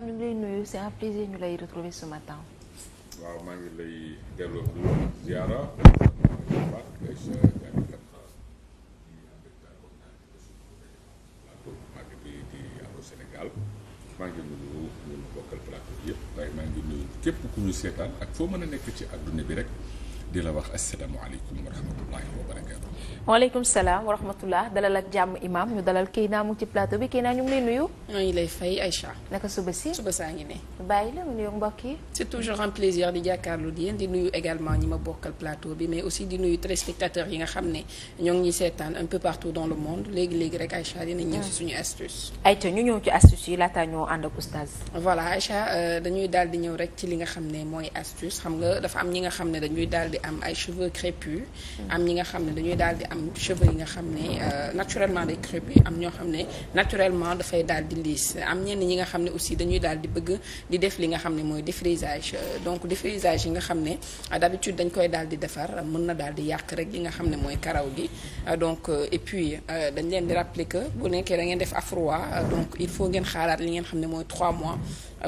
ñu ngi lay nuyu c'est un plaisir bokkal plateau bi waaye maa ngi nuyu képp ku seetaan ak foo mën a nekk ci àdduna bi rek. di la wax asalaamaaleykum wa rahmatullahi wa barakaatu. waaleykum salaam wa rahmatullah dalal ak jàmm imam ñu dalal Keyna mu ngi ci plateau bi Keyna ñu ngi lay nuyu. maa ngi lay fay Aïcha. naka suba si suba saa ngi ne. bàyyi la mu nuyu mbokk yi. c'est toujours un plaisir di jàkkaarloo di yéen di nuyu également ñi ma bokkal plateau bi mais aussi di nuyu téléspectateurs yi nga xam ne ñoo ngi ñuy seetaan un peu partout dans le monde léegi léegi rek Aïcha dinañ ñëw si ah. suñu astuce. Aïcha ñu ñëw ci astuce yi laataa ñoo ànd ak euh, dañuy daal di ñëw rek ci li nga xam ne mooy astuce xam nga dafa am ñi nga xam ne dañuy daal di am ay cheveux crépus am ñi nga xam ne dañuy daal di am cheveux yi nga xam ne euh, naturellement day crépus am ñoo xam ne naturellement dafay daal di lisse am ñenn ñi nga xam ne aussi dañuy daal di bëgg di def li nga xam ne mooy défrisage euh, donc défrisage yi nga xam ne euh, d'habitude dañ koy daal di defar mën na daal di yàq rek li nga xam ne mooy karaw gi donc et puis dañ leen di rappeler que bu nekkee da ngeen def afro donc il faut ngeen xaaraat li ngeen xam ne mooy 3 mois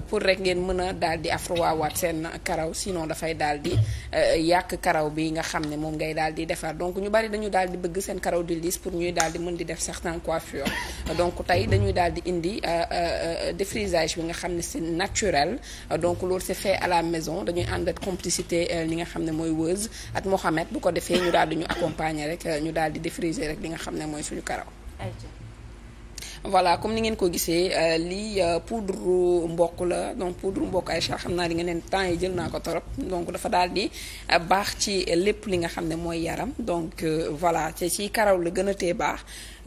pour rek ngeen mën a daal di afrowaawaat seen karaw sinon dafay daal di euh, yàq karaw bi nga xam ne moom ngay daal di defar donc ñu bari dañu daal di bëgg seen karaw di liis pour ñuy daal di mën di def certains coiffures donc tey dañuy daal di indi euh, euh, défrisage bi nga xam ne c'est naturel donc loolu c'est fait à la maison dañuy ànd ak complicité li nga xam ne mooy Weuze ak Mohamed bu ko defee ñu daal di ñu accompagner rek ñu daal di défriser rek li nga xam ne mooy suñu karaw voilà comme ni ngeen ko gisee euh, lii euh, poudre mbokk la donc poudre mbokk ay Aïcha xam naa li nga neen temps yi jël naa ko torop donc dafa daal di euh, baax ci lépp li nga xam ne mooy yaram donc voilà te ci karaw la gën a tee baax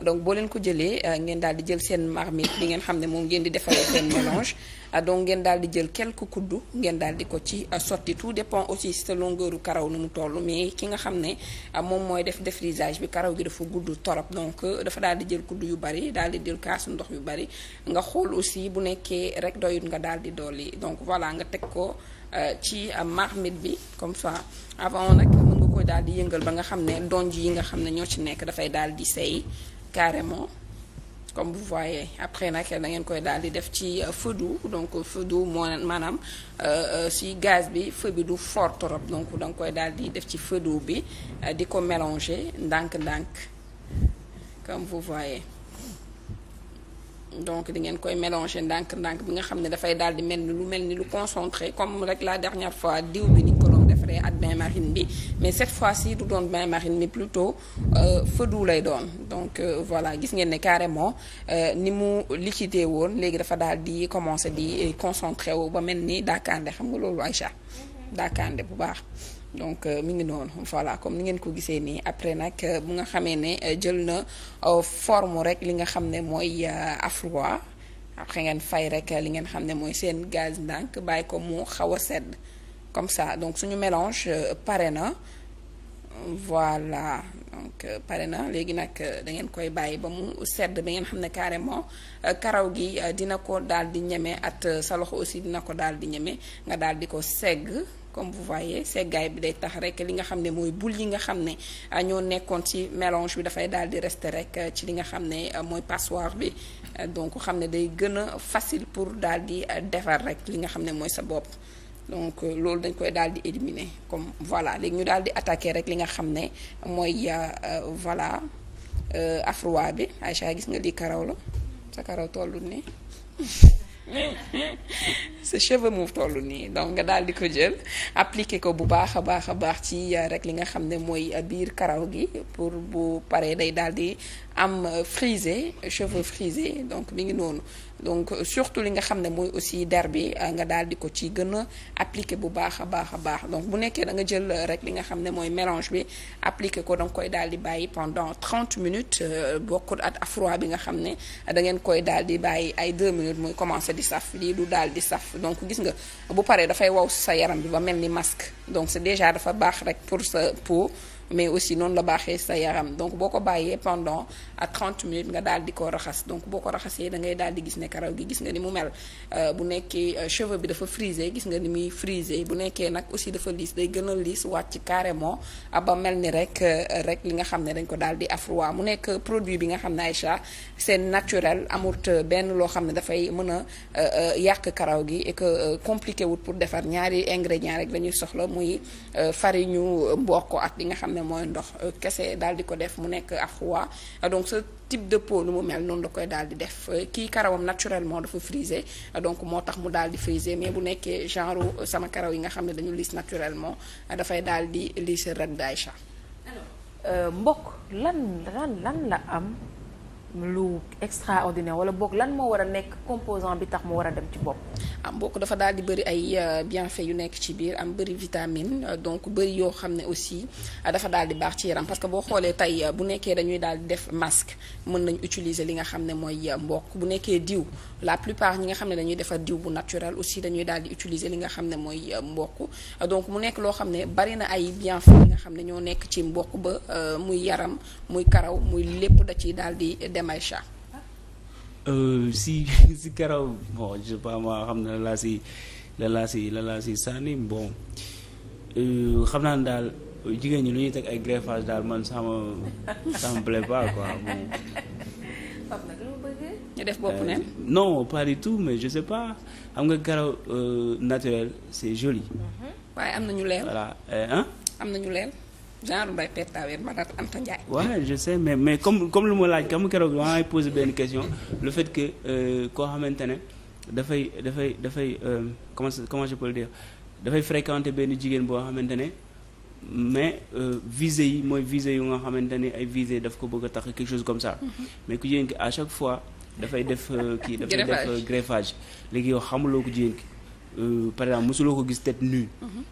donc boo leen ko jëlee ngeen daal di jël seen marmite li ngeen xam ne moom ngeen di defaree seen mélange Ah, donc ngeen daal di jël quelques kuddu ngeen daal di ko ci ah, sotti tout dépend aussi sa longueuru karaw nu mu toll mais ki nga xam ne ah, moom mooy def défrisage bi karaw gi dafa gudd torop donc euh, dafa daal di jël kuddu yu bari daal di jël kaasu ndox yu bari nga xool aussi bu nekkee rek doyut nga daal di dolli donc voilà nga teg ko euh, ci marmite bi comme ça avant nag mën nga koy daal di yëngal ba nga xam ne donj yi nga xam ne ñoo ci nekk dafay daal di seey carrément comme vous voyez après nag da ngeen koy daal di def ci euh, feu donc euh, feu doux moo maanaam euh, si gaz bi feu du fort trop donc da koy daal di def ci feu bi di ko mélanger ndànk-ndànk comme vous voyez donc di ngeen koy mélanger ndànk-ndànk bi nga xam ne dafay daal di mel ni lu mel ni lu concentré comme rek la dernière fois diw bi ni ko at ak marine bi mais cette fois-ci du doon bain marine bi plutôt euh, fëdu lay doon donc euh, voilà gis ngeen ne carrément euh, ni mu liquidé woon léegi dafa daal di commencer di concentré wu ba mel ni daakaande xam nga loolu Aïcha daakaande bu baax donc mu ngi noonu voilà comme ni ngeen ko gisee nii après nag bu nga xamee ne jël na forme rek li nga xam ne mooy afroi après ngeen fay rek li ngeen xam ne mooy seen gaz ndànk bàyyi ko mu xaw a sedd comme ça donc suñu mélange euh, pare na voilà donc euh, pare na léegi nag euh, da ngeen koy bàyyi ba mu sedd ba ngeen xam ne carrément karaw gi dina ko daal di ñeme at sa loxo aussi dina ko daal di ñeme nga daal di ko segg comme vous voyez seggaay bi day tax rek li nga xam ne mooy bul yi nga xam ne ñoo nekkoon ci mélange bi dafay daal di rester rek ci li nga xam ne mooy passoire bi donc xam ne day gën a facile pour daal di defar rek li nga xam ne mooy sa bopp. donc euh, loolu dañ koy daal di éliminer comme voilà léegi ñu daal di attaquer rek li nga xam ne mooy euh, euh, voilà afroa bi Aïcha gis nga lii karaw la sa karaw tollu nii sa cheveux move toll nii donc nga daal di ko jël appliquer ko bu baax a baax a baax ci rek li nga xam ne mooy biir karaw gi pour bu pare day daal di am frisé cheveux frisé donc mi ngi noonu donc euh, surtout li nga xam ne mooy aussi der bi euh, nga daal di ko ci gën a appliquer bu baax a baax a baax donc bu nekkee da nga jël euh, rek li nga xam ne mooy mélange bi appliquer ko da koy daal di bàyyi pendant 30 minutes bokkut at afroi bi nga xam ne da ngeen koy daal di bàyyi ay 2 minutes muy commencer di saf lii du daal di saf donc gis nga bu paree dafay waw sa yaram bi ba mel ni masque donc c'est déjà dafa baax rek pour sa peau. mais aussi noonu la baaxee sa yaram donc boo ko bàyyee pendant à 30 minutes nga daal di ko raxas donc boo ko raxasee dangay ngay daal di gis ne karaw gi gis nga ni mu mel euh, bu nekkee euh, cheveux bi dafa frisé gis nga ni muy frisé bu nekkee nag aussi dafa liis day gën a liis wàcc carrément ah, ba mel ni rek euh, rek li nga xam ne dañ ko daal di afroa mu nekk produit bi nga xam ne Aïcha seen naturel amut benn loo xam ne dafay mën a yàq karaw gi et que compliqué wut pour defar ñaari ingrédients rek la soxla muy farine ñu mbokk ak li nga xam ne mooy ndox euh, kese daal di ko def mu nekk ak waa euh, donc sa type de po lu mu mel noonu la koy daal di def euh, kii karawam naturellement dafa frisé donc moo tax mu daal di frisé mais bu nekkee genre sama karaw yi nga xam ne dañu liis naturellement dafay daal di liis ren Aïcha mbokk lan lan la am lu extraordinaire wala boog lan moo war a nekk composant bi tax mu war a dem ci bopp am bokk dafa daal di bëri ay euh, bienfait yu nekk ci biir am bëri vitamine euh, donc bëri yoo xam ne aussi euh, dafa daal di baax ci yaram parce que boo xoolee tey bu nekkee dañuy daal di def masque mën nañ utiliser li nga xam ne mooy mbokk bu nekkee diw la plupart ñi nga xam ne dañuy defar diw bu naturel aussi dañuy daal di utiliser li nga xam ne mooy mbokk donc mu nekk loo xam ne bari na ay bienfait yi nga xam ne ñoo nekk ci mbokk ba muy yaram muy karaw muy lépp da ciy daal di dem ay Euh, si si karaw bon je sais pas xam na la laa si la laa si la laa si sànni bon euh, xam naa ne daal jigéen ñi lu ñuy teg ay greffage daal man sama sama plaît pas quoi bon. ñu def bopp euh, neen non pas du tout mais je sais pas xam nga karaw naturel c'est joli. Mhm. waaye am na ñu leel. voilà hein. am na ñu leel. genre Mbaye Pett Tawee man ak Anta je sais mais mais comme comme lu ma laaj kam keroog maa ngi posé benn le fait que euh, koo xamante ne dafay dafay dafay euh, comment comment je dafay fréquenter benn jigéen boo xamante ne. mais euh, visée yi mooy visée yu nga xamante ne ay visée daf ko bëgg a tax quelque chose comme ça mm-hmm. mais ku jigéen ki à chaque fois dafay def euh, kii dafay def greffage léegi yow xamuloo ko jigéen ki par exemple mosuloo ko gis tête nue mm-hmm.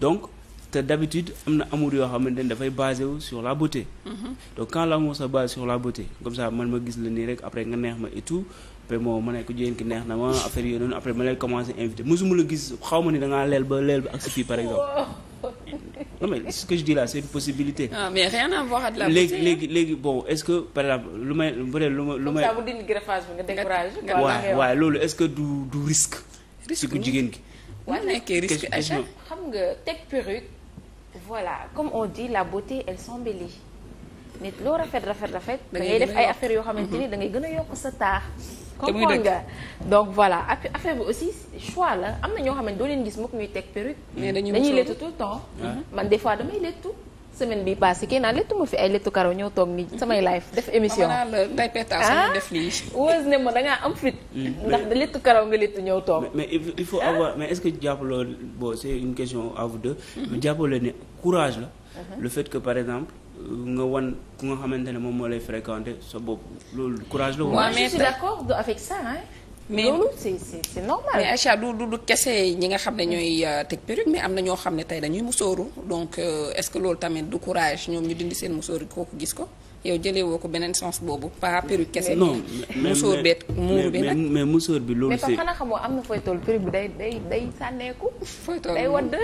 donc te d'habitude am na amour yoo xamante ne dafay basé sur la beauté. Mhm. donc quand l'amour se base sur la beauté comme ça man ma gis la nii rek après nga neex ma et tout après moo ma nekk jigéen ki neex na ma affaire yooyu noonu après ma lay commencé invité ni da ngaa leel ba leel ba ak mais ce que je dis là ah, bon est-ce que par exemple lu may bu dee lu ma. lu may bu dindi greffage bi nga découragé. waaw waaw loolu est-ce que du du risque. risque si ku jigéen gi. waa nekkee risque achat xam nga teg perruque. voilà comme on di la beauté elle s'embellit nit loo rafet rafet rafet. da ngay def ay affaires yoo xamante ni mhm. da ngay gën a yokk sa taax. comprendre nga donc voilà ak affaire bi aussi choix la am na ñoo xam ne doo leen gis mukk ñuy teg perruque. dañuy léttu tout le temps. Mhm. man des fois damay léttu semaine bi passé kii naan léttu ma fi ay léttu karaw ñëw toog ni samay live def émission ah, wës ne ma dangaa am fit mm. ndax léttu karaw nga léttu ñëw toog mais il faut ah. avoir mais est-ce que jàppaloo bon c'est une question à vous deux mm-hmm. jàppaloo ne courage la mm-hmm. le fait que par exemple nga wan ku nga xamante ne moom moo lay fréquenter sa bopp loolu courage la waaw mais je d'accord avec ça hein mais loolu c'est c'est normal. mais du du du kese ñi nga xam ne ñooy euh, teg perruque mais am na ñoo xam ne tey dañuy musóoru donc euh, est-ce que loolu tamit du courage ñoom ñu dindi seen musóor kooku gis ko yow jëlee woo ko beneen sens boobu pas perruque kese. non musóor beet muur bi nag mais musóor bi loolu. c'est mais xanaa xamoo am na fooy toll perruque bi day day day sànneeku. fooy toll day wadd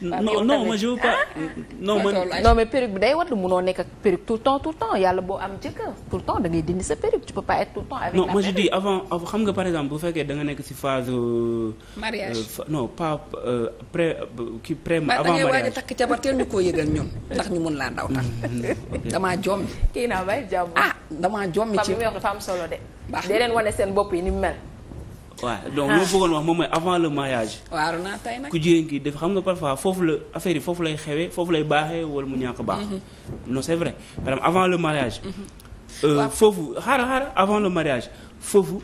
non non ma je veux pas. Ah. non man non mais day war munoo nekk ak perruque tout le temps tout le temps yàlla boo am jëkkër tout le temps da ngay dindi sa perruque tu peux pas tout temps. avec non moi je dis avant xam nga par exemple bu fekkee da nga nekk ci phase. Euh, mariage euh, non pas euh, pré kii pré avant mariage. da ngay waaj a takk jabar ñoom ndax ñu mun laa ndaw tax mm, mm, damaa jommi. kii naa bay jàmm. ah damaa jommi ci. dafa am solo de. baax na dee leen wane seen bopp yi ni mu mel. waaw donc moo ah. bëggoon wax moom mooy avant le mariage. waaw naa tey nag ku jigéen ki def xam nga parfois foofu la affaire yi foofu lay xewee foofu lay baaxee wala mu ñàkk baax. Mhm. non c'est vrai par exemple avant le mariage. Mhm. Euh, foofu xaaral xaaral avant le mariage foofu.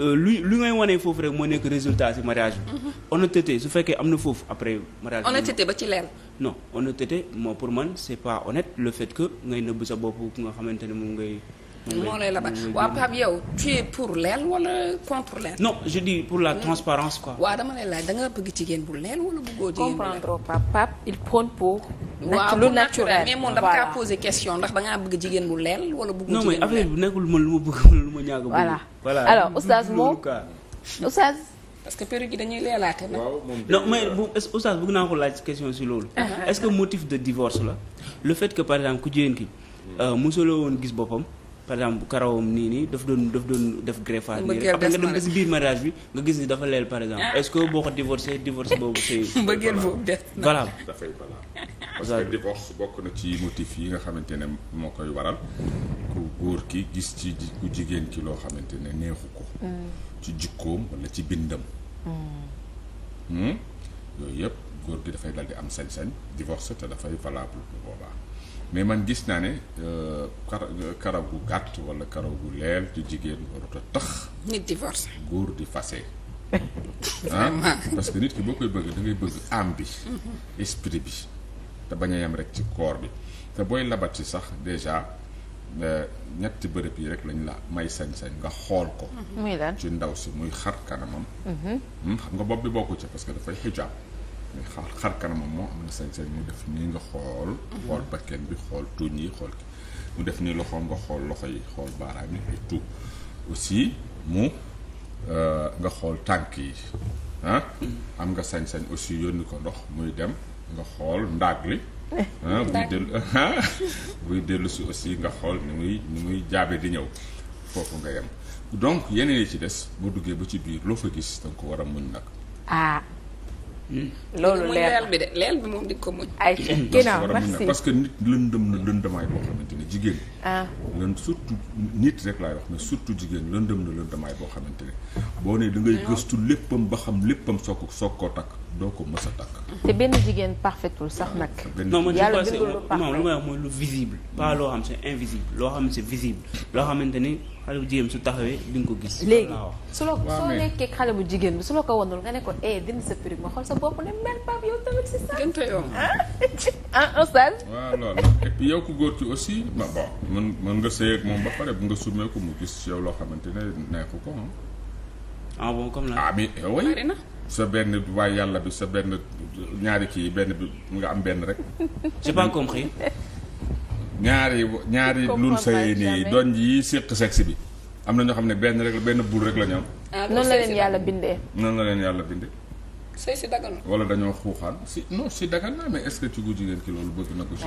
Euh, lu lu ngay wanee foofu rek moo nekk résultat ci mariage bi. honnêteté mhm. su fekkee am na foofu après. mariage honnêteté ba ci leen. non honnêteté moo pour man c'est pas honnête le fait que ngay nëbb sa bopp ku nga xamante ne moom ngay. moo lay labal waa Pape yow tu pour leel wala contre leel. non je dis pour la hmm? transparence quoi. waa dama lay laaj da bëgg jigéen bu leel wala bëggoo jigéen bu leel. comprendre Pape Pape il prône pour. waaw lu naturel mais moom dama kaa posé question ndax da bëgg jigéen bu leel wala bëggoo jigéen bu leel bi nekkul man lu ma bëgg man lu ma ñaaga bëgg. voilà alors oustaz parce que perruque yi dañuy leelaate nag. non mais bu oustaz naa ko laaj question si loolu. Ah, ah, est-ce que ah. motif de divorce la le fait que par exemple ku jigéen ki euh, mosuloo woon gis boppam par exemple bu karawam nii nii daf doon daf doon def greffage nii rek après nga dem ba si biir mariage bi nga gis ni dafa leel par exemple est-ce que boo ko divorcé divorce boobu sëy mbëggeel boobu des na voilà dafay voilà parce divorce bokk na ci motif yi nga xamante ne moo koy waral ku góor ki gis ci ku jigéen ki loo xamante ne neexu ko mm. ci jikkoom wala ci bindam mm. hmm? yooyu yëpp góor gi dafay dal di am sañ-sañ divorce te dafay valable bu boobaa mais man gis naa ne euh, kara euh, karaw gu gàtt wala karaw gu leel di jigéen warut a tax. nit divorce góor di fase ah parce que nit ki boo koy bëgg da bëgg âme bi. esprit bi te bañ a yem rek ci koor bi te booy labat ci sax déjà. Euh, ñetti bërëb yi rek lañ la may sañ-sañ nga xool ko. ci ndaw si muy xar kanamam. Mhm. Hmm, xam nga bopp bi bokku ci parce dafay xijaab. xar xar kanamam moo am na sañ-sañ mu def nii nga xool. xool bakkan bi xool tuñ yi xool mu def nii loxoom nga xool loxo yi xool baaraam yi et aussi mu euh, nga xool tànk yi am nga sañ-sañ aussi ni ko ndox muy dem nga xool ndaag li. buy dellu buy dellu si aussi nga xool ni muy ni muy jaabe di ñëw foofu nga yem donc yeneen yi ci des boo duggee bu ci biir loo fa gis danga ko war a muñ nag. Ah. loolu leer bi de leel bi moom di ko muñ. ay ginnaaw merci parce que nit lëndëm na lëndëmaay boo xamante ne jigéen. ah lan surtout nit rek laay wax mais surtout jigéen lëndëm na lëndëmaay boo xamante ne boo ne da ngay ah. gëstu léppam ba xam léppam soog soog koo takk. doo ko mës a takk. te benn jigéen parfaitul sax ah, nag. non man yàlla bindul lu parfait non lu may wax mooy lu visible. pas loo xam c'est invisible loo xam c'est visible loo xamante ni xale bu jigéen su taxawee di nga ko gis. léegi su la soo nekkee xale bu jigéen bi su ko wanul nga ne ko eh dindi a perruque ma xool sa bopp ne mel Pape yow tamit si ah, sax. Ah, waaw loolu et yow ku góor aussi ma bon mën mën nga sëy ak moom ba pare bu nga sumee ko mu gis yow loo xamante ne neexu ko ah. ah bon comme la sa benn waay yàlla bi sa benn ñaari kii benn bi nga am benn rek. j'ai pas compris. ñaari ñaari lul sëy nii doon yi séq sexe bi am na ñoo xam ne benn rek benn bul rek la ñu am. Ah, noonu la leen yàlla bindee. noonu la leen yàlla bindee. sëy si dagan na. wala dañoo xuuxaan si non si dagan na mais est-ce que ci gu jigéen ki loolu bëgg na ko si.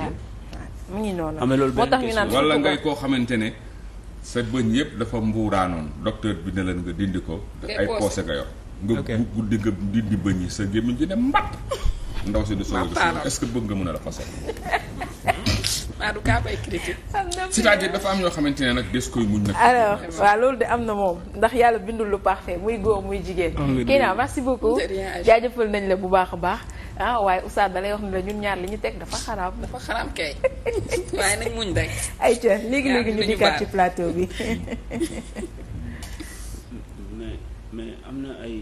mu ngi noonu. loolu moo tax ñu naan ngay koo xamante ne sa bëñ yëpp dafa mbuuraanoon docteur bi ne leen nga dindi ko. ay poose nga yor. nga guddi nga dindi bëñ yi sa gémmiñ ji ne mbatt ndaw si di soog est-ce que bëgg nga mën a la fasal maa du kaa bay critique c'est-à-dire dafa am ñoo xamante ne nag des koy muñ nag alors waaw loolu de am na moom ndax yàlla bindul lu parfait muy góor muy jigéen kii naa merci beaucoup jaajëfal nañ la bu baax a baax ah waaye Oustaz da lay wax ne la ñun ñaar li ñu teg dafa xaraam dafa xaraam kay waaye nag muñ rek ay ca léegi léegi ñu dikkaat ci plateau bi mais am na ay.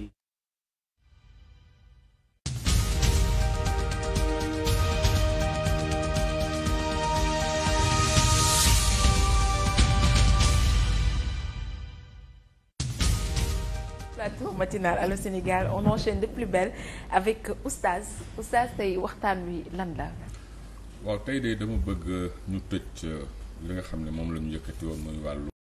plateau matinal Allô Sénégal on enchaîne de plus belle avec Oustaz Oustaz tey waxtaan wi lan la. waaw tey de dama bëgg ñu tëj euh, li nga xam ne moom la yëkkati woon muy wàllu.